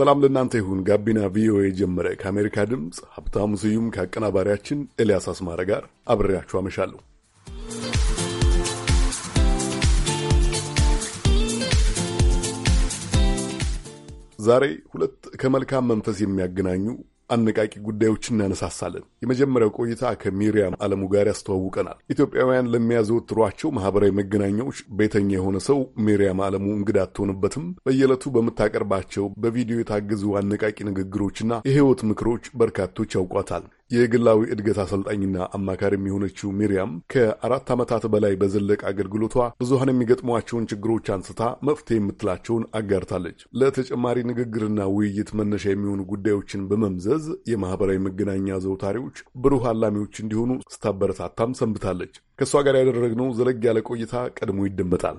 ሰላም ለእናንተ ይሁን። ጋቢና ቪኦኤ ጀመረ። ከአሜሪካ ድምፅ ሀብታሙ ስዩም ከአቀናባሪያችን ኤልያስ አስማረ ጋር አብሬያችሁ አመሻለሁ። ዛሬ ሁለት ከመልካም መንፈስ የሚያገናኙ አነቃቂ ጉዳዮችን እናነሳሳለን። የመጀመሪያው ቆይታ ከሚሪያም አለሙ ጋር ያስተዋውቀናል። ኢትዮጵያውያን ለሚያዘወትሯቸው ማህበራዊ መገናኛዎች ቤተኛ የሆነ ሰው ሚሪያም አለሙ እንግዳ አትሆንበትም። በየዕለቱ በምታቀርባቸው በቪዲዮ የታገዙ አነቃቂ ንግግሮችና የህይወት ምክሮች በርካቶች ያውቋታል። የግላዊ እድገት አሰልጣኝና አማካሪም የሆነችው ሚሪያም ከአራት ዓመታት በላይ በዘለቅ አገልግሎቷ ብዙሀን የሚገጥሟቸውን ችግሮች አንስታ መፍትሄ የምትላቸውን አጋርታለች። ለተጨማሪ ንግግርና ውይይት መነሻ የሚሆኑ ጉዳዮችን በመምዘዝ የማህበራዊ መገናኛ ዘውታሪዎች ብሩህ አላሚዎች እንዲሆኑ ስታበረታታም ሰንብታለች። ከእሷ ጋር ያደረግነው ዘለግ ያለ ቆይታ ቀድሞ ይደመጣል።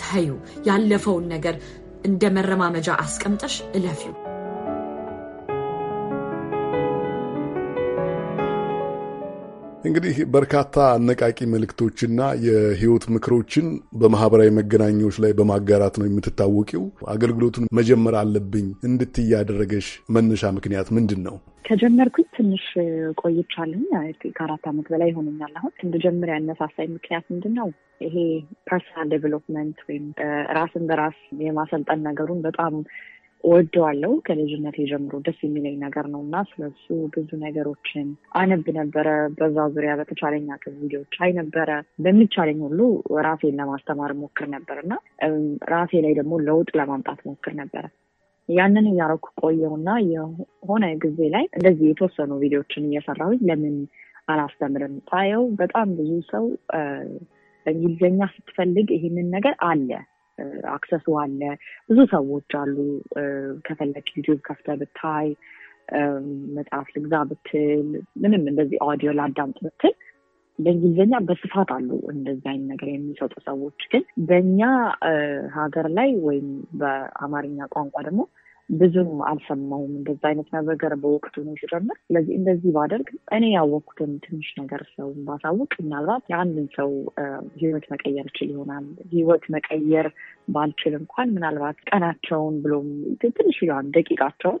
ተዩ። ያለፈውን ነገር እንደ መረማመጃ አስቀምጠሽ እለፊው። እንግዲህ በርካታ አነቃቂ መልእክቶችና የህይወት ምክሮችን በማህበራዊ መገናኛዎች ላይ በማጋራት ነው የምትታወቂው። አገልግሎቱን መጀመር አለብኝ እንድት ያደረገሽ መነሻ ምክንያት ምንድን ነው? ከጀመርኩኝ ትንሽ ቆይቻለኝ። ከአራት ዓመት በላይ ይሆነኛል። አሁን እንድጀምር ያነሳሳኝ ምክንያት ምንድን ነው? ይሄ ፐርሰናል ዴቨሎፕመንት ወይም ራስን በራስ የማሰልጠን ነገሩን በጣም ወደዋለው ከልጅነት የጀምሮ ደስ የሚለኝ ነገር ነው እና ስለሱ ብዙ ነገሮችን አነብ ነበረ። በዛ ዙሪያ በተቻለኝ አቅም ቪዲዮች አይ ነበረ። በሚቻለኝ ሁሉ ራሴን ለማስተማር ሞክር ነበር እና ራሴ ላይ ደግሞ ለውጥ ለማምጣት ሞክር ነበረ። ያንን እያረኩ ቆየውና የሆነ ጊዜ ላይ እንደዚህ የተወሰኑ ቪዲዮችን እየሰራሁኝ ለምን አላስተምርም? ታየው በጣም ብዙ ሰው በእንግሊዝኛ ስትፈልግ ይህንን ነገር አለ አክሰሱ አለ። ብዙ ሰዎች አሉ። ከፈለክ ዩቲዩብ ከፍተ ብታይ፣ መጽሐፍ ልግዛ ብትል፣ ምንም እንደዚህ ኦዲዮ ላዳምጥ ብትል በእንግሊዝኛ በስፋት አሉ እንደዚህ አይነት ነገር የሚሰጡ ሰዎች። ግን በእኛ ሀገር ላይ ወይም በአማርኛ ቋንቋ ደግሞ ብዙም አልሰማውም እንደዛ አይነት ነገር በወቅቱ ነው ሲጀምር። ስለዚህ እንደዚህ ባደርግ እኔ ያወቅኩትን ትንሽ ነገር ሰው ባሳውቅ ምናልባት የአንድን ሰው ህይወት መቀየር ይችል ይሆናል። ህይወት መቀየር ባልችል እንኳን ምናልባት ቀናቸውን ብሎም ትንሽ ይሆን ደቂቃቸውን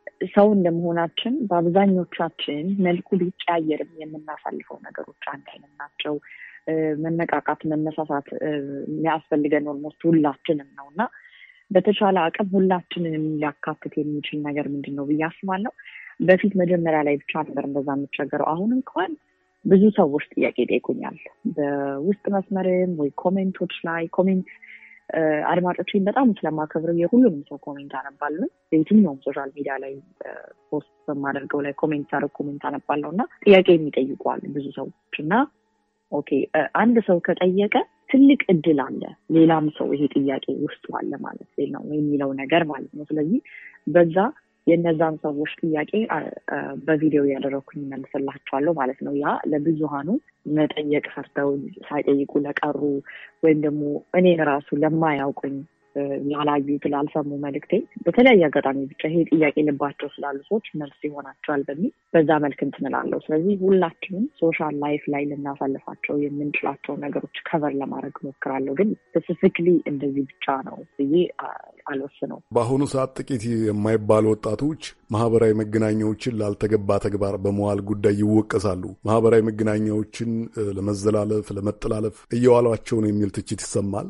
ሰው እንደመሆናችን በአብዛኞቻችን መልኩ ሊቀያየርም የምናሳልፈው ነገሮች አንድ አይነት ናቸው። መነቃቃት፣ መነሳሳት የሚያስፈልገን ኦልሞስት ሁላችንም ነው እና በተቻለ አቅም ሁላችንንም ሊያካትት የሚችል ነገር ምንድን ነው ብዬ አስባለሁ። በፊት መጀመሪያ ላይ ብቻ ነበር እንደዛ የምቸገረው። አሁን እንኳን ብዙ ሰዎች ጥያቄ ጠይቁኛል፣ በውስጥ መስመርም ወይ ኮሜንቶች ላይ ኮሜንት አድማጮችን በጣም ስለማከብረው የሁሉንም ሰው ኮሜንት አነባለሁ። የትኛውም ሶሻል ሚዲያ ላይ ፖስት በማደርገው ላይ ኮሜንት ሳደርግ ኮሜንት አነባለሁ እና ጥያቄ የሚጠይቋል ብዙ ሰዎች እና ኦኬ አንድ ሰው ከጠየቀ ትልቅ እድል አለ ሌላም ሰው ይሄ ጥያቄ ውስጡ አለ ማለት ነው የሚለው ነገር ማለት ነው። ስለዚህ በዛ የእነዛን ሰዎች ጥያቄ በቪዲዮ ያደረኩኝ መልስላቸዋለሁ ማለት ነው። ያ ለብዙሃኑ መጠየቅ ፈርተው ሳይጠይቁ ለቀሩ ወይም ደግሞ እኔን ራሱ ለማያውቁኝ ላላዩት ላልሰሙ መልክቴ በተለያየ አጋጣሚ ብቻ ይሄ ጥያቄ ልባቸው ስላሉ ሰዎች መልስ ይሆናቸዋል በሚል በዛ መልክ እንትንላለው። ስለዚህ ሁላችንም ሶሻል ላይፍ ላይ ልናሳልፋቸው የምንችላቸው ነገሮች ከበር ለማድረግ ሞክራለሁ፣ ግን ስፔሲፊክሊ እንደዚህ ብቻ ነው ብዬ አልወስነው። በአሁኑ ሰዓት ጥቂት የማይባሉ ወጣቶች ማህበራዊ መገናኛዎችን ላልተገባ ተግባር በመዋል ጉዳይ ይወቀሳሉ። ማህበራዊ መገናኛዎችን ለመዘላለፍ፣ ለመጠላለፍ እየዋሏቸውን የሚል ትችት ይሰማል።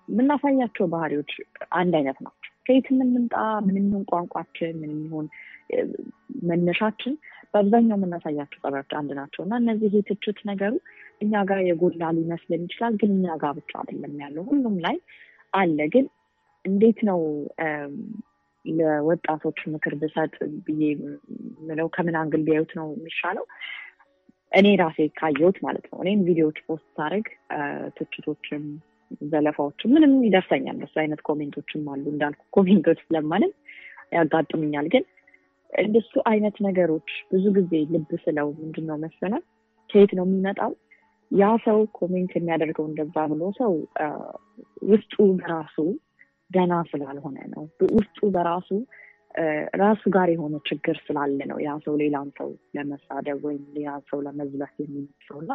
የምናሳያቸው ባህሪዎች አንድ አይነት ናቸው። ከየት የምንምጣ ምን ቋንቋችን ምን የሚሆን መነሻችን በአብዛኛው የምናሳያቸው ጸባዮች አንድ ናቸው እና እነዚህ የትችት ነገሩ እኛ ጋር የጎላ ሊመስልን ይችላል፣ ግን እኛ ጋር ብቻ አይደለም ያለው ሁሉም ላይ አለ። ግን እንዴት ነው ለወጣቶች ምክር ብሰጥ ብዬ ምለው ከምን አንግል ቢያዩት ነው የሚሻለው? እኔ ራሴ ካየሁት ማለት ነው። እኔም ቪዲዮዎች ፖስት ሳደርግ ትችቶችም ዘለፋዎችም ምንም ይደርሰኛል። እንደሱ አይነት ኮሜንቶችም አሉ እንዳልኩ ኮሜንቶች ስለማንም ያጋጥምኛል። ግን እንደሱ አይነት ነገሮች ብዙ ጊዜ ልብ ስለው ምንድን ነው መሰላል ከየት ነው የሚመጣው? ያ ሰው ኮሜንት የሚያደርገው እንደዛ ብሎ ሰው ውስጡ በራሱ ደህና ስላልሆነ ነው። ውስጡ በራሱ ራሱ ጋር የሆነ ችግር ስላለ ነው ያ ሰው ሌላን ሰው ለመሳደብ ወይም ሌላን ሰው ለመዝለፍ የሚመስለው እና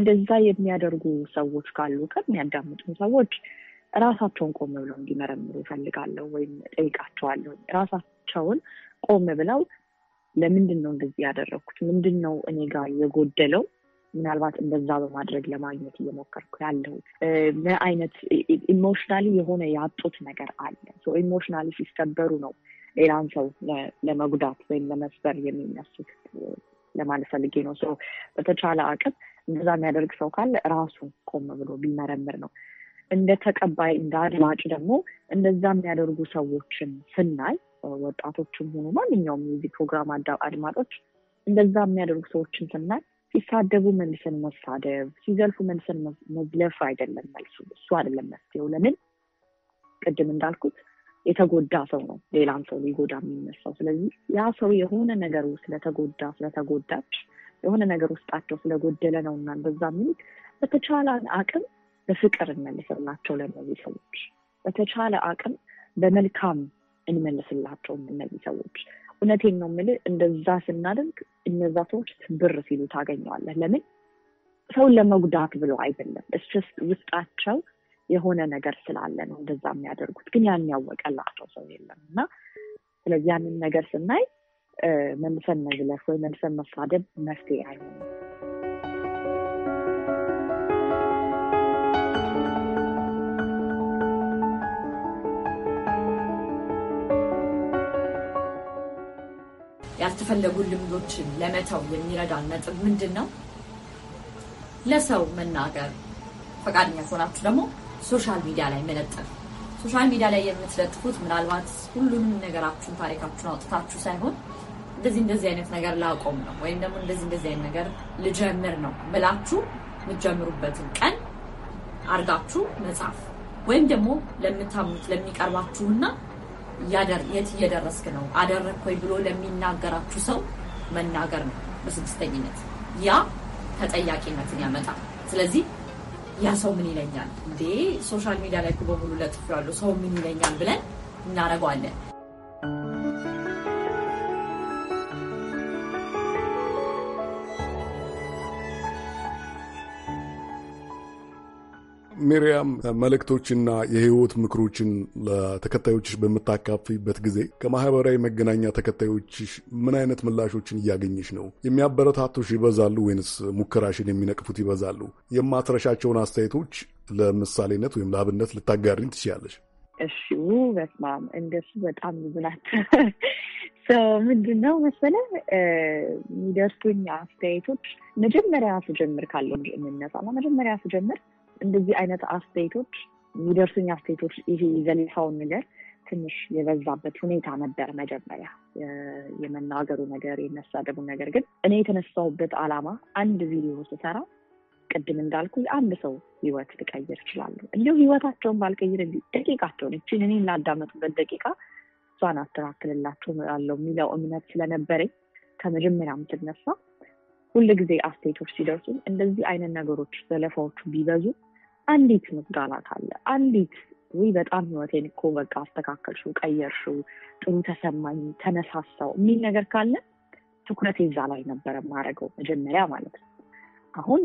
እንደዛ የሚያደርጉ ሰዎች ካሉ ከሚያዳምጡ የሚያዳምጡ ሰዎች ራሳቸውን ቆም ብለው እንዲመረምሩ ይፈልጋለሁ ወይም ጠይቃቸዋለሁ። ራሳቸውን ቆም ብለው ለምንድን ነው እንደዚህ ያደረግኩት? ምንድን ነው እኔ ጋር የጎደለው? ምናልባት እንደዛ በማድረግ ለማግኘት እየሞከርኩ ያለሁት ምን አይነት ኢሞሽናሊ የሆነ ያጡት ነገር አለ? ኢሞሽናሊ ሲሰበሩ ነው ሌላን ሰው ለመጉዳት ወይም ለመስበር የሚነሱት ለማለት ፈልጌ ነው። በተቻለ አቅም እንደዛ የሚያደርግ ሰው ካለ ራሱ ቆም ብሎ ቢመረምር ነው። እንደ ተቀባይ እንደ አድማጭ ደግሞ እንደዛ የሚያደርጉ ሰዎችን ስናይ ወጣቶችም ሆኑ ማንኛውም የዚህ ፕሮግራም አድማጮች እንደዛ የሚያደርጉ ሰዎችን ስናይ ሲሳደቡ መልስን መሳደብ፣ ሲዘልፉ መልስን መዝለፍ አይደለም መልሱ። እሱ አይደለም መፍትሄው። ለምን ቅድም እንዳልኩት የተጎዳ ሰው ነው ሌላም ሰው ሊጎዳ የሚነሳው። ስለዚህ ያ ሰው የሆነ ነገር ስለተጎዳ ስለተጎዳች የሆነ ነገር ውስጣቸው ስለጎደለ ነው እና በዛ የሚሉት በተቻለ አቅም በፍቅር እንመልስላቸው። ለእነዚህ ሰዎች በተቻለ አቅም በመልካም እንመልስላቸው። እነዚህ ሰዎች እውነቴን ነው የምልህ፣ እንደዛ ስናደርግ እነዛ ሰዎች ትብር ሲሉ ታገኘዋለህ። ለምን ሰውን ለመጉዳት ብሎ አይደለም። እስስ ውስጣቸው የሆነ ነገር ስላለ ነው እንደዛ የሚያደርጉት። ግን ያን ያወቀላቸው ሰው የለም እና ስለዚህ ያንን ነገር ስናይ መልሰን መዝለፍ ወይ መልሰን መሳደብ መፍትሄ አይሆንም። ያልተፈለጉ ልምዶችን ለመተው የሚረዳን ነጥብ ምንድን ነው? ለሰው መናገር ፈቃደኛ ከሆናችሁ ደግሞ ሶሻል ሚዲያ ላይ መለጠፍ። ሶሻል ሚዲያ ላይ የምትለጥፉት ምናልባት ሁሉንም ነገራችሁን ታሪካችሁን አውጥታችሁ ሳይሆን እንደዚህ እንደዚህ አይነት ነገር ላቆም ነው ወይም ደግሞ እንደዚህ እንደዚህ አይነት ነገር ልጀምር ነው ብላችሁ የምትጀምሩበትን ቀን አርጋችሁ መጻፍ ወይም ደግሞ ለምታምኑት ለሚቀርባችሁና የት እየደረስክ ነው አደረግክ ወይ ብሎ ለሚናገራችሁ ሰው መናገር ነው። በስድስተኝነት ያ ተጠያቂነትን ያመጣል። ስለዚህ ያ ሰው ምን ይለኛል እንዴ ሶሻል ሚዲያ ላይ በሙሉ ለጥፍ ያሉ ሰው ምን ይለኛል ብለን እናደርገዋለን። ሚሪያም መልእክቶችና የህይወት ምክሮችን ለተከታዮችሽ በምታካፍበት ጊዜ ከማህበራዊ መገናኛ ተከታዮችሽ ምን አይነት ምላሾችን እያገኘሽ ነው? የሚያበረታቱሽ ይበዛሉ ወይንስ ሙከራሽን የሚነቅፉት ይበዛሉ? የማትረሻቸውን አስተያየቶች ለምሳሌነት ወይም ለአብነት ልታጋሪኝ ትችያለሽ? እሺ፣ በስማም እንደሱ በጣም ብዙ ናት። ምንድን ነው መሰለ የሚደርሱኝ አስተያየቶች መጀመሪያ ስጀምር ካለው እንጂ መጀመሪያ ስጀምር እንደዚህ አይነት አስተያየቶች የሚደርሱኝ አስተያየቶች ይሄ ዘለፋውን ነገር ትንሽ የበዛበት ሁኔታ ነበር። መጀመሪያ የመናገሩ ነገር የመሳደቡ ነገር ግን እኔ የተነሳውበት አላማ አንድ ቪዲዮ ስሰራ ቅድም እንዳልኩ የአንድ ሰው ህይወት ልቀይር ይችላሉ እንዲሁ ህይወታቸውን ባልቀይር ደቂቃቸውን እችን እኔ ላዳመጡበት ደቂቃ እሷን አስተካክልላቸው ያለው የሚለው እምነት ስለነበረኝ ከመጀመሪያም ስነሳ ጊዜ አስተያየቶች ሲደርሱ እንደዚህ አይነት ነገሮች ዘለፋዎቹ ቢበዙ አንዲት ምስጋና ካለ አንዲት ወይ በጣም ህይወቴን እኮ በቃ አስተካከልሽው፣ ቀየርሽው፣ ጥሩ ተሰማኝ፣ ተነሳሳው የሚል ነገር ካለ ትኩረት የዛ ላይ ነበረ የማደርገው መጀመሪያ ማለት ነው። አሁን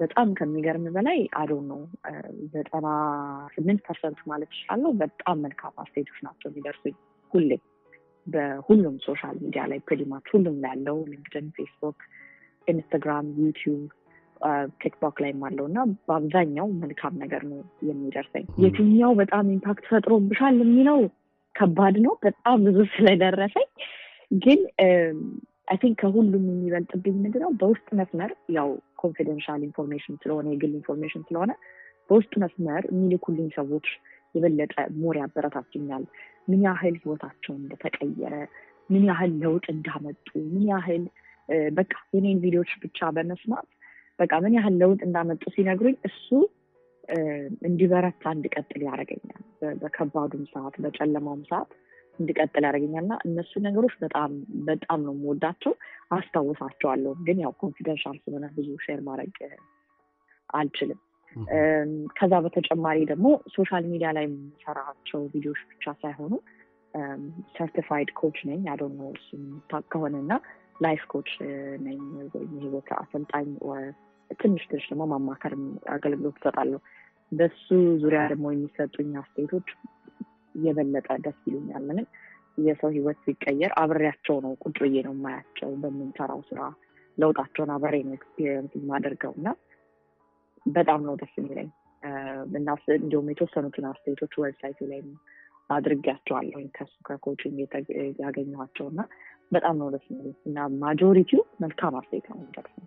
በጣም ከሚገርም በላይ አዶ ነው ዘጠና ስምንት ፐርሰንት ማለት ይችላለሁ። በጣም መልካም አስተያየቶች ናቸው የሚደርሱኝ ሁሌ በሁሉም ሶሻል ሚዲያ ላይ ፕሪማች ሁሉም ላይ ያለው ሊንክድን፣ ፌስቡክ፣ ኢንስታግራም፣ ዩቲዩብ ቲክቶክ ላይም አለው እና በአብዛኛው መልካም ነገር ነው የሚደርሰኝ። የትኛው በጣም ኢምፓክት ፈጥሮብሻል የሚለው ከባድ ነው። በጣም ብዙ ስለደረሰኝ ግን አይ ቲንክ ከሁሉም የሚበልጥብኝ ምንድነው ነው በውስጥ መስመር ያው ኮንፊደንሻል ኢንፎርሜሽን ስለሆነ የግል ኢንፎርሜሽን ስለሆነ በውስጥ መስመር የሚልኩልኝ ሰዎች የበለጠ ሞር ያበረታችኛል። ምን ያህል ህይወታቸው እንደተቀየረ፣ ምን ያህል ለውጥ እንዳመጡ፣ ምን ያህል በቃ የኔን ቪዲዮዎች ብቻ በመስማት በቃ ምን ያህል ለውጥ እንዳመጡ ሲነግሩኝ እሱ እንዲበረታ እንድቀጥል ያደርገኛል። በከባዱም ሰዓት በጨለማውም ሰዓት እንድቀጥል ያደርገኛል እና እነሱ ነገሮች በጣም በጣም ነው የምወዳቸው፣ አስታውሳቸዋለሁ። ግን ያው ኮንፊደንሻል ስለሆነ ብዙ ሼር ማድረግ አልችልም። ከዛ በተጨማሪ ደግሞ ሶሻል ሚዲያ ላይ የምሰራቸው ቪዲዮዎች ብቻ ሳይሆኑ ሰርቲፋይድ ኮች ነኝ ያደነ ከሆነ እና ላይፍ ኮች ነኝ ወይም የህይወት አሰልጣኝ ትንሽ ትንሽ ደግሞ ማማከር አገልግሎት እሰጣለሁ። በሱ ዙሪያ ደግሞ የሚሰጡኝ አስተያየቶች የበለጠ ደስ ይሉኛል። ምንም የሰው ህይወት ሲቀየር አብሬያቸው ነው ቁጭ ብዬ ነው የማያቸው። በምንሰራው ስራ ለውጣቸውን አብሬ ነው ኤክስፔሪንስ የማደርገው እና በጣም ነው ደስ የሚለኝ እና እንዲሁም የተወሰኑትን አስተያየቶች ዌብሳይቱ ላይ አድርጊያቸዋለሁ ከሱ ከኮችንግ ያገኘኋቸው እና በጣም ነው ደስ የሚለኝ እና ማጆሪቲው መልካም አስተያየት ነው የሚደርሰው።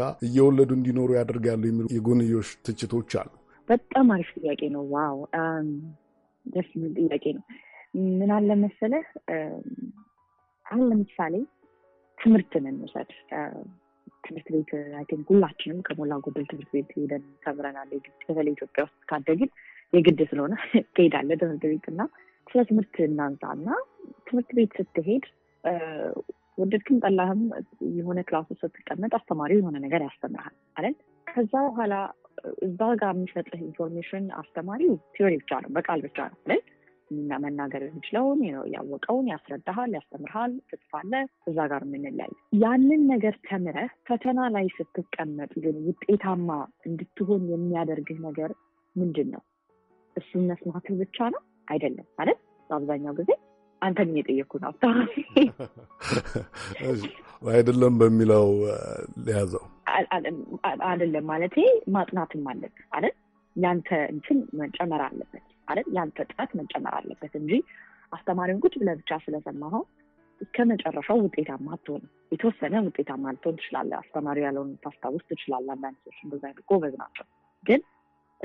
ብቻ እየወለዱ እንዲኖሩ ያደርጋሉ የሚሉ የጎንዮሽ ትችቶች አሉ። በጣም አሪፍ ጥያቄ ነው። ዋው ደስ የሚል ጥያቄ ነው። ምን አለ መሰለህ፣ አሁን ለምሳሌ ትምህርትን እንውሰድ። ትምህርት ቤት አይን ሁላችንም ከሞላ ጎደል ትምህርት ቤት ሄደን ተምረናል። በተለይ ኢትዮጵያ ውስጥ ካደግን የግድ ስለሆነ ትሄዳለህ ትምህርት ቤት እና ስለ ትምህርት እናንሳ እና ትምህርት ቤት ስትሄድ ወደድክም ጠላህም የሆነ ክላስ ውስጥ ስትቀመጥ አስተማሪው የሆነ ነገር ያስተምርሃል አለ። ከዛ በኋላ እዛ ጋር የሚሰጥህ ኢንፎርሜሽን አስተማሪው ቲዮሪ ብቻ ነው፣ በቃል ብቻ ነው እና መናገር የሚችለውን ያወቀውን ያስረዳሃል፣ ያስተምርሃል፣ ትጽፋለህ። እዛ ጋር የምንለያይ ያንን ነገር ተምረህ ፈተና ላይ ስትቀመጥ ግን ውጤታማ እንድትሆን የሚያደርግህ ነገር ምንድን ነው? እሱን መስማትህ ብቻ ነው አይደለም ማለት በአብዛኛው ጊዜ አንተን እየጠየኩት አፍታ አይደለም በሚለው ሊያዘው አይደለም ማለት ማጥናትም አለብህ አይደል? ያንተ እንትን መጨመር አለበት አይደል? ያንተ ጥረት መጨመር አለበት እንጂ አስተማሪውን ቁጭ ብለህ ብቻ ስለሰማኸው እስከ መጨረሻው ውጤታማ አትሆንም። የተወሰነ ውጤታማ ልትሆን ትችላለህ። አስተማሪው ያለውን ታስታውስ ትችላለህ። አንዳንድ ሰዎች እንደዛ ጎበዝ ናቸው፣ ግን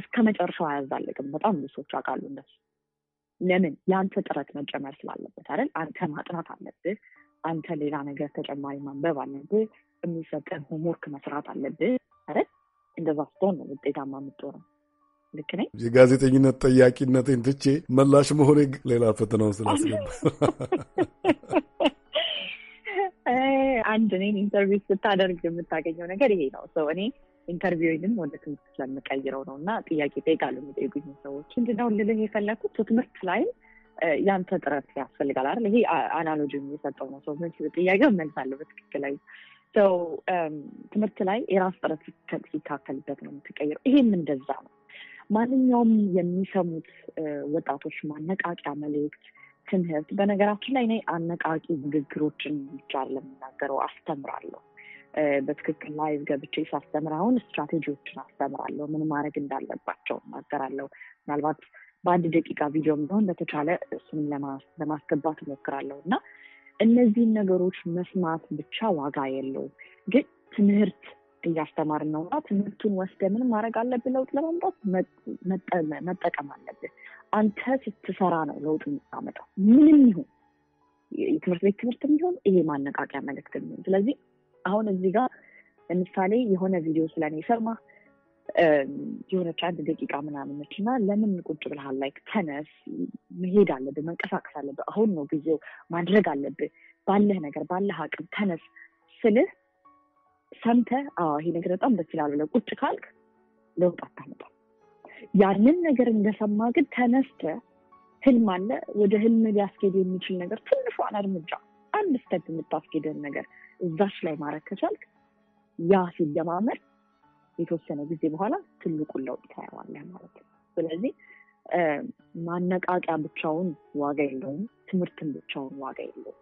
እስከ መጨረሻው አያዛልቅም። በጣም ብዙ ሰዎች አውቃለሁ እንደሱ ለምን የአንተ ጥረት መጨመር ስላለበት አይደል? አንተ ማጥናት አለብህ። አንተ ሌላ ነገር ተጨማሪ ማንበብ አለብህ። የሚሰጠን ሆምወርክ መስራት አለብህ አይደል? እንደዛ ስትሆን ነው ውጤታማ የምትሆነው። ልክ ነኝ። የጋዜጠኝነት ጠያቂነትን ትቼ መላሽ መሆን ሌላ ፈተና ስላስገባ አንድ እኔን ኢንተርቪው ስታደርግ የምታገኘው ነገር ይሄ ነው። ሰው እኔ ኢንተርቪውንም ወደ ትምህርት ስለምቀይረው ነው እና ጥያቄ ጠይቃሉ የሚጠይቁኝ ሰዎች። ምንድነው ልልህ የፈለግኩት ትምህርት ላይ ያንተ ጥረት ያስፈልጋል አይደል? ይሄ አናሎጂ የሚሰጠው ነው። ሰው ጥያቄ መልሳለሁ በትክክል ሰው ትምህርት ላይ የራስ ጥረት ሲካከልበት ነው የምትቀይረው። ይሄም እንደዛ ነው። ማንኛውም የሚሰሙት ወጣቶች ማነቃቂያ መልእክት ትምህርት፣ በነገራችን ላይ እኔ አነቃቂ ንግግሮችን ብቻ ለምናገረው አስተምራለሁ በትክክል ላይ ገብቼ ሳስተምር አሁን ስትራቴጂዎችን አስተምራለሁ። ምን ማድረግ እንዳለባቸው እናገራለሁ። ምናልባት በአንድ ደቂቃ ቪዲዮ ቢሆን በተቻለ እሱንም ለማስገባት እሞክራለሁ እና እነዚህን ነገሮች መስማት ብቻ ዋጋ የለውም። ግን ትምህርት እያስተማርን ነው እና ትምህርቱን ወስደ ምን ማድረግ አለብን? ለውጥ ለማምጣት መጠቀም አለብን። አንተ ስትሰራ ነው ለውጥ የምታመጣው። ምንም ይሁን የትምህርት ቤት ትምህርት የሚሆን ይሄ ማነቃቂያ መልእክት የሚሆን ስለዚህ አሁን እዚህ ጋር ለምሳሌ የሆነ ቪዲዮ ስለኔ ሰማ የሆነች አንድ ደቂቃ ምናምነች እና ለምን ቁጭ ብልሃል ላይክ ተነስ፣ መሄድ አለብህ፣ መንቀሳቀስ አለብህ። አሁን ነው ጊዜው፣ ማድረግ አለብህ፣ ባለህ ነገር ባለህ አቅም ተነስ ስልህ ሰምተ ይሄ ነገር በጣም ደስ ይላል ብለ ቁጭ ካልክ ለውጥ አታመጣ ያንን ነገር እንደሰማ ግን ተነስተ ህልም አለ፣ ወደ ህልም ሊያስኬድ የሚችል ነገር ትንሿን እርምጃ አንድ ስተት የምታስኬድህን ነገር እዛች ላይ ማድረግ ከቻልክ ያ ሲደማመር የተወሰነ ጊዜ በኋላ ትልቁን ለውጥ ታየዋለህ ማለት ነው። ስለዚህ ማነቃቂያ ብቻውን ዋጋ የለውም፣ ትምህርትን ብቻውን ዋጋ የለውም።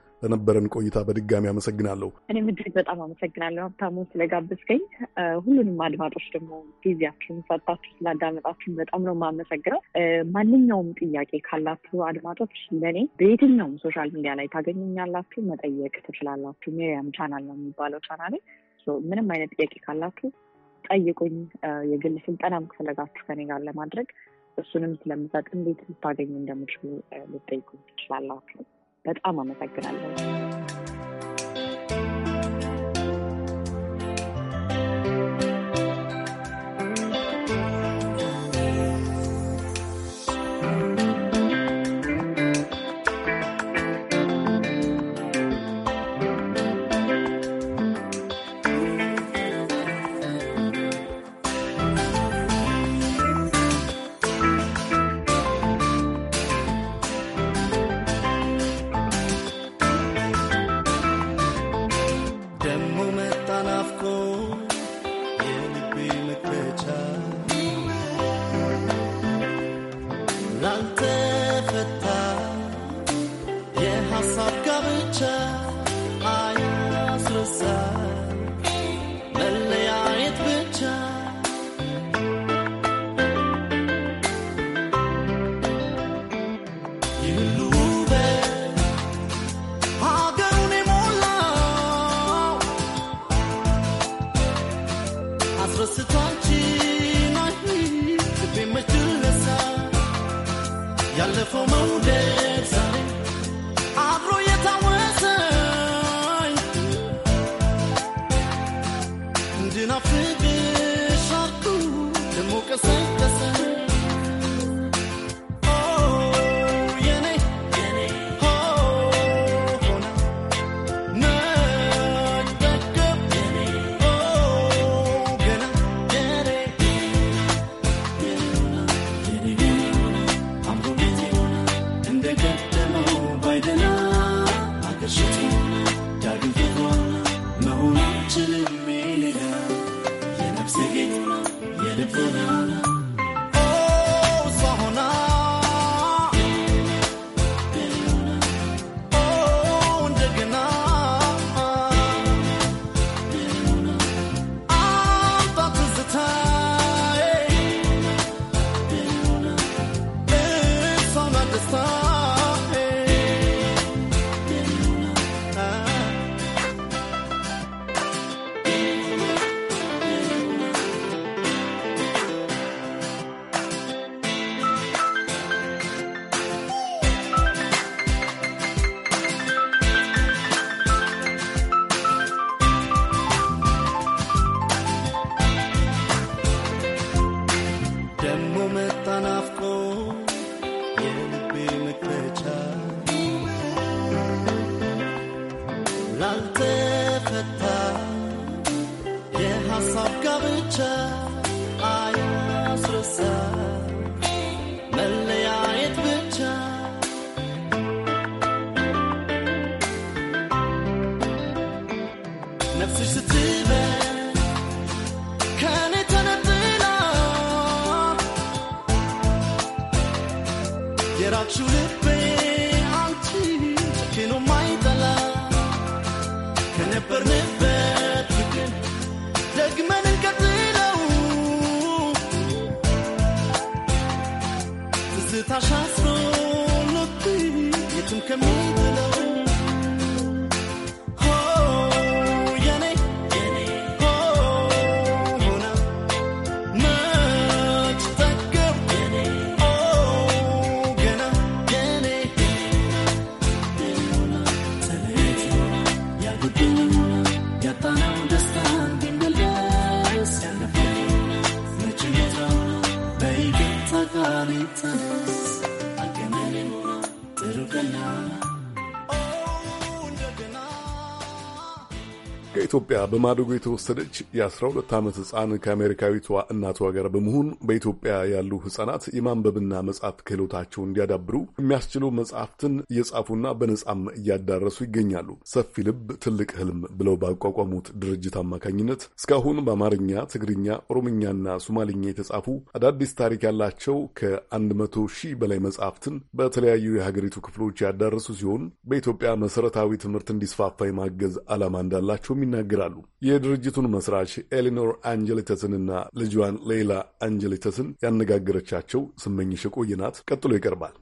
ለነበረን ቆይታ በድጋሚ አመሰግናለሁ። እኔም እጅግ በጣም አመሰግናለሁ ሀብታሙ ስለጋብዝከኝ፣ ሁሉንም አድማጮች ደግሞ ጊዜያችሁን ሰጣችሁ ስላዳመጣችሁን በጣም ነው የማመሰግነው። ማንኛውም ጥያቄ ካላችሁ አድማጮች ለእኔ በየትኛውም ሶሻል ሚዲያ ላይ ታገኙኛላችሁ፣ መጠየቅ ትችላላችሁ። ሜሪያም ቻናል ነው የሚባለው ቻናል ምንም አይነት ጥያቄ ካላችሁ ጠይቁኝ። የግል ስልጠናም ከፈለጋችሁ ከኔ ጋር ለማድረግ እሱንም ስለምሰጥ እንዴት ልታገኙ እንደምችሉ ልጠይቁኝ ትችላላችሁ። በጣም አመሰግናለሁ። ፈታ የሐሳብ ጋብቻ አያስረሳ for my moudetsa you. ከኢትዮጵያ በማደጎ የተወሰደች የ12 ዓመት ሕፃን ከአሜሪካዊቷ እናቷ ጋር በመሆን በኢትዮጵያ ያሉ ሕፃናት የማንበብና መጻፍ ክህሎታቸው እንዲያዳብሩ የሚያስችሉ መጽሐፍትን እየጻፉና በነጻም እያዳረሱ ይገኛሉ። ሰፊ ልብ ትልቅ ህልም ብለው ባቋቋሙት ድርጅት አማካኝነት እስካሁን በአማርኛ፣ ትግርኛ፣ ኦሮምኛና ሶማሊኛ የተጻፉ አዳዲስ ታሪክ ያላቸው ከ100 ሺህ በላይ መጽሐፍትን በተለያዩ የሀገሪቱ ክፍሎች ያዳረሱ ሲሆን በኢትዮጵያ መሰረታዊ ትምህርት እንዲስፋፋ የማገዝ ዓላማ እንዳላቸው የሚናገ ይናገራሉ። የድርጅቱን መስራች ኤሊኖር አንጀሊተስንና ልጇን ሌላ አንጀሊተስን ያነጋገረቻቸው ስመኝሽ ቆይናት ቀጥሎ ይቀርባል።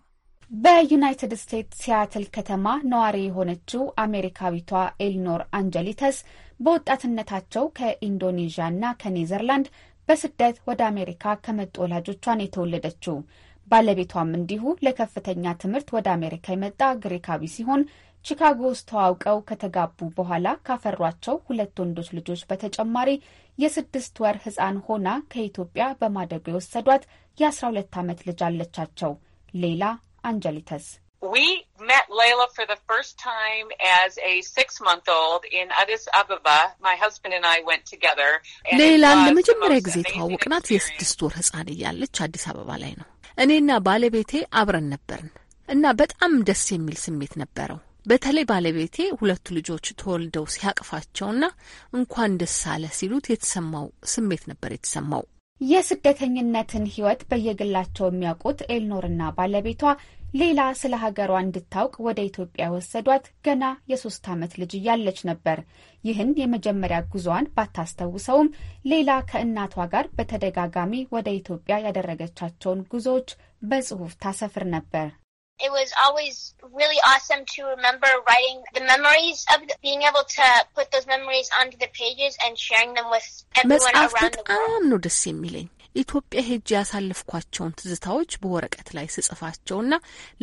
በዩናይትድ ስቴትስ ሲያትል ከተማ ነዋሪ የሆነችው አሜሪካዊቷ ኤሊኖር አንጀሊተስ በወጣትነታቸው ከኢንዶኔዥያ ከኔዘርላንድ በስደት ወደ አሜሪካ ከመጡ ወላጆቿን የተወለደችው ባለቤቷም እንዲሁ ለከፍተኛ ትምህርት ወደ አሜሪካ የመጣ ግሪካዊ ሲሆን ቺካጎ ውስጥ ተዋውቀው ከተጋቡ በኋላ ካፈሯቸው ሁለት ወንዶች ልጆች በተጨማሪ የስድስት ወር ሕፃን ሆና ከኢትዮጵያ በማደጉ የወሰዷት የአስራ ሁለት ዓመት ልጅ አለቻቸው። ሌላ አንጀሊተስ ሌላን ለመጀመሪያ ጊዜ የተዋወቅናት የስድስት ወር ህፃን እያለች አዲስ አበባ ላይ ነው። እኔና ባለቤቴ አብረን ነበርን እና በጣም ደስ የሚል ስሜት ነበረው። በተለይ ባለቤቴ ሁለቱ ልጆች ተወልደው ሲያቅፋቸውና እንኳን ደስ አለ ሲሉት የተሰማው ስሜት ነበር የተሰማው። የስደተኝነትን ህይወት በየግላቸው የሚያውቁት ኤልኖርና ባለቤቷ ሌላ ስለ ሀገሯ እንድታውቅ ወደ ኢትዮጵያ ወሰዷት። ገና የሶስት ዓመት ልጅ እያለች ነበር። ይህን የመጀመሪያ ጉዞዋን ባታስታውሰውም ሌላ ከእናቷ ጋር በተደጋጋሚ ወደ ኢትዮጵያ ያደረገቻቸውን ጉዞዎች በጽሑፍ ታሰፍር ነበር። it was always really awesome to remember writing the memories of the, being able to put those memories onto the pages and sharing them with everyone around the world. ነው ደስ የሚለኝ ኢትዮጵያ ሄጅ ያሳለፍኳቸውን ትዝታዎች በወረቀት ላይ ስጽፋቸውና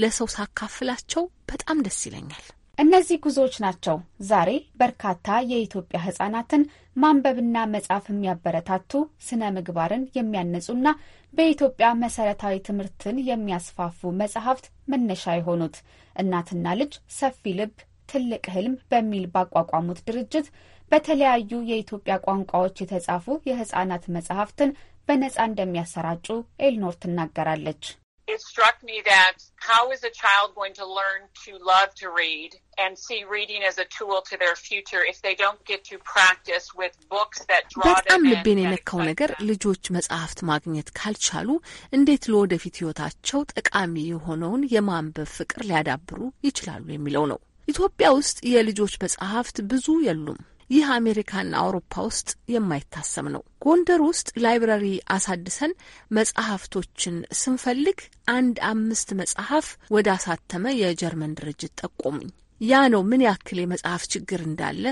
ለሰው ሳካፍላቸው በጣም ደስ ይለኛል። እነዚህ ጉዞዎች ናቸው ዛሬ በርካታ የኢትዮጵያ ህጻናትን ማንበብና መጻፍ የሚያበረታቱ ስነ ምግባርን የሚያነጹና በኢትዮጵያ መሰረታዊ ትምህርትን የሚያስፋፉ መጽሐፍት መነሻ የሆኑት እናትና ልጅ ሰፊ ልብ ትልቅ ህልም በሚል ባቋቋሙት ድርጅት በተለያዩ የኢትዮጵያ ቋንቋዎች የተጻፉ የህጻናት መጽሐፍትን በነጻ እንደሚያሰራጩ ኤልኖር ትናገራለች። it struck me that how is a child going to learn to love to read and see reading as a tool to their future if they don't get to practice with books that draw በጣም ልቤን የነካው ነገር ልጆች መጽሐፍት ማግኘት ካልቻሉ እንዴት ለወደፊት ሕይወታቸው ጠቃሚ የሆነውን የማንበብ ፍቅር ሊያዳብሩ ይችላሉ የሚለው ነው። ኢትዮጵያ ውስጥ የልጆች መጽሐፍት ብዙ የሉም። ይህ አሜሪካና አውሮፓ ውስጥ የማይታሰብ ነው። ጎንደር ውስጥ ላይብራሪ አሳድሰን መጽሐፍቶችን ስንፈልግ አንድ አምስት መጽሐፍ ወደ አሳተመ የጀርመን ድርጅት ጠቆሙኝ። ያ ነው ምን ያክል የመጽሐፍ ችግር እንዳለ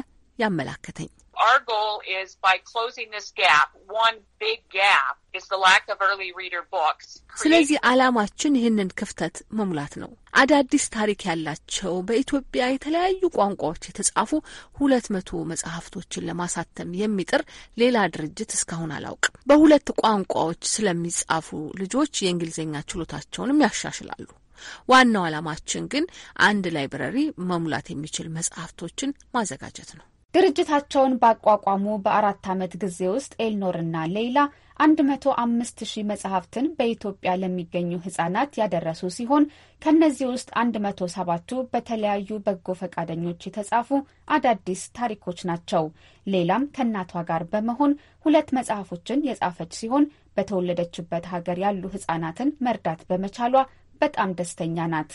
ያመላከተኝ። Our goal is by closing this gap, one big gap is the lack of early reader books. ስለዚህ ዓላማችን ይህንን ክፍተት መሙላት ነው። አዳዲስ ታሪክ ያላቸው በኢትዮጵያ የተለያዩ ቋንቋዎች የተጻፉ ሁለት መቶ መጽሐፍቶችን ለማሳተም የሚጥር ሌላ ድርጅት እስካሁን አላውቅም። በሁለት ቋንቋዎች ስለሚጻፉ ልጆች የእንግሊዝኛ ችሎታቸውንም ያሻሽላሉ። ዋናው ዓላማችን ግን አንድ ላይብረሪ መሙላት የሚችል መጽሐፍቶችን ማዘጋጀት ነው። ድርጅታቸውን ባቋቋሙ በአራት ዓመት ጊዜ ውስጥ ኤልኖርና ሌይላ 105 ሺህ መጽሐፍትን በኢትዮጵያ ለሚገኙ ህጻናት ያደረሱ ሲሆን ከእነዚህ ውስጥ 107ቱ በተለያዩ በጎ ፈቃደኞች የተጻፉ አዳዲስ ታሪኮች ናቸው። ሌላም ከእናቷ ጋር በመሆን ሁለት መጽሐፎችን የጻፈች ሲሆን በተወለደችበት ሀገር ያሉ ህጻናትን መርዳት በመቻሏ በጣም ደስተኛ ናት።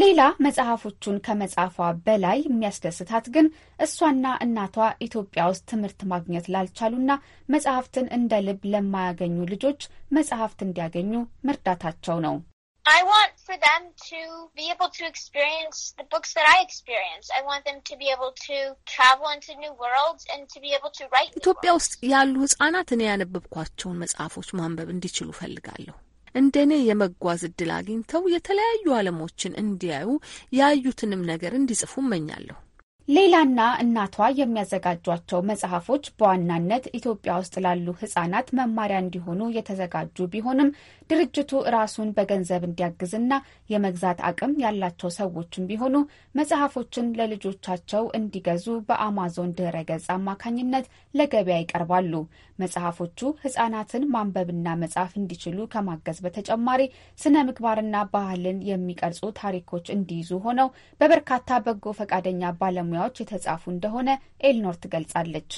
ሌላ መጽሐፎቹን ከመጻፏ በላይ የሚያስደስታት ግን እሷና እናቷ ኢትዮጵያ ውስጥ ትምህርት ማግኘት ላልቻሉና መጽሐፍትን እንደ ልብ ለማያገኙ ልጆች መጽሐፍት እንዲያገኙ መርዳታቸው ነው። I want for them to be able to experience the books that I experience. I want them to be able to travel into new worlds and to be able to write. ኢትዮጵያ ውስጥ ያሉ ህጻናት እኔ ያነበብኳቸውን መጽሐፎች ማንበብ እንዲችሉ ፈልጋለሁ። እንደኔ የመጓዝ እድል አግኝተው የተለያዩ ዓለሞችን እንዲያዩ ያዩትንም ነገር እንዲጽፉ እመኛለሁ። ሌላና እናቷ የሚያዘጋጇቸው መጽሐፎች በዋናነት ኢትዮጵያ ውስጥ ላሉ ህጻናት መማሪያ እንዲሆኑ የተዘጋጁ ቢሆንም ድርጅቱ ራሱን በገንዘብ እንዲያግዝና የመግዛት አቅም ያላቸው ሰዎችም ቢሆኑ መጽሐፎችን ለልጆቻቸው እንዲገዙ በአማዞን ድህረ ገጽ አማካኝነት ለገበያ ይቀርባሉ። መጽሐፎቹ ህጻናትን ማንበብና መጻፍ እንዲችሉ ከማገዝ በተጨማሪ ስነ ምግባርና ባህልን የሚቀርጹ ታሪኮች እንዲይዙ ሆነው በበርካታ በጎ ፈቃደኛ ባለሙያ ባለሙያዎች የተጻፉ እንደሆነ ኤልኖር ትገልጻለች።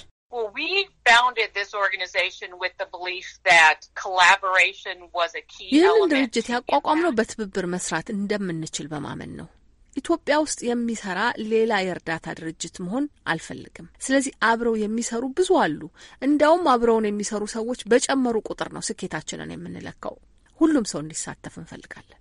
ይህንን ድርጅት ያቋቋምነው በትብብር መስራት እንደምንችል በማመን ነው። ኢትዮጵያ ውስጥ የሚሰራ ሌላ የእርዳታ ድርጅት መሆን አልፈልግም። ስለዚህ አብረው የሚሰሩ ብዙ አሉ። እንዲያውም አብረውን የሚሰሩ ሰዎች በጨመሩ ቁጥር ነው ስኬታችንን የምንለካው። ሁሉም ሰው እንዲሳተፍ እንፈልጋለን።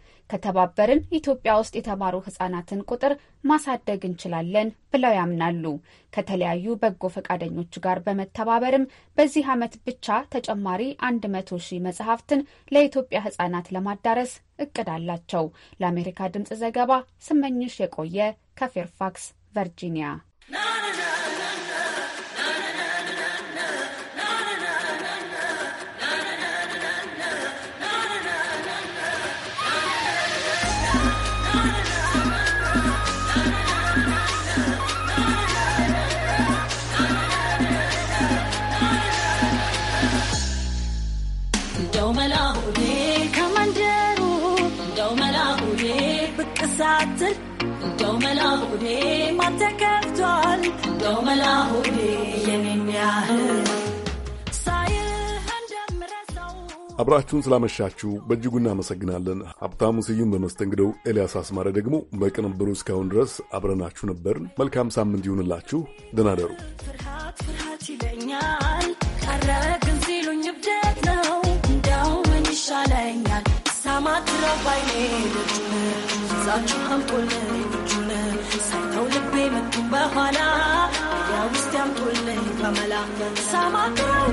ከተባበርን ኢትዮጵያ ውስጥ የተማሩ ህጻናትን ቁጥር ማሳደግ እንችላለን ብለው ያምናሉ። ከተለያዩ በጎ ፈቃደኞች ጋር በመተባበርም በዚህ ዓመት ብቻ ተጨማሪ አንድ ሺህ መጽሐፍትን ለኢትዮጵያ ህጻናት ለማዳረስ እቅድ አላቸው። ለአሜሪካ ድምፅ ዘገባ ስመኝሽ የቆየ ከፌርፋክስ ቨርጂኒያ። ሳትል እንደው መላ ሆዴ እንደው መላ ሆዴ የኔን ያህል አብራችሁን ስላመሻችሁ በእጅጉ እናመሰግናለን። ሀብታሙ ስዩም በመስተንግደው፣ ኤልያስ አስማረ ደግሞ በቅንብሩ። እስካሁን ድረስ አብረናችሁ ነበርን። መልካም ሳምንት ይሁንላችሁ። ደህና ደሩ። ፍርሃት ፍርሃት ይለኛል ቀረግን ሲሉኝ እብደት ነው እንደው ምን ይሻለኛል ሳማትረው ባይኔ ዛች አምጦልኝ እጁን ሳይተው ልቤ መጡ በኋላ ያ ውስጥ ሰማክራዊ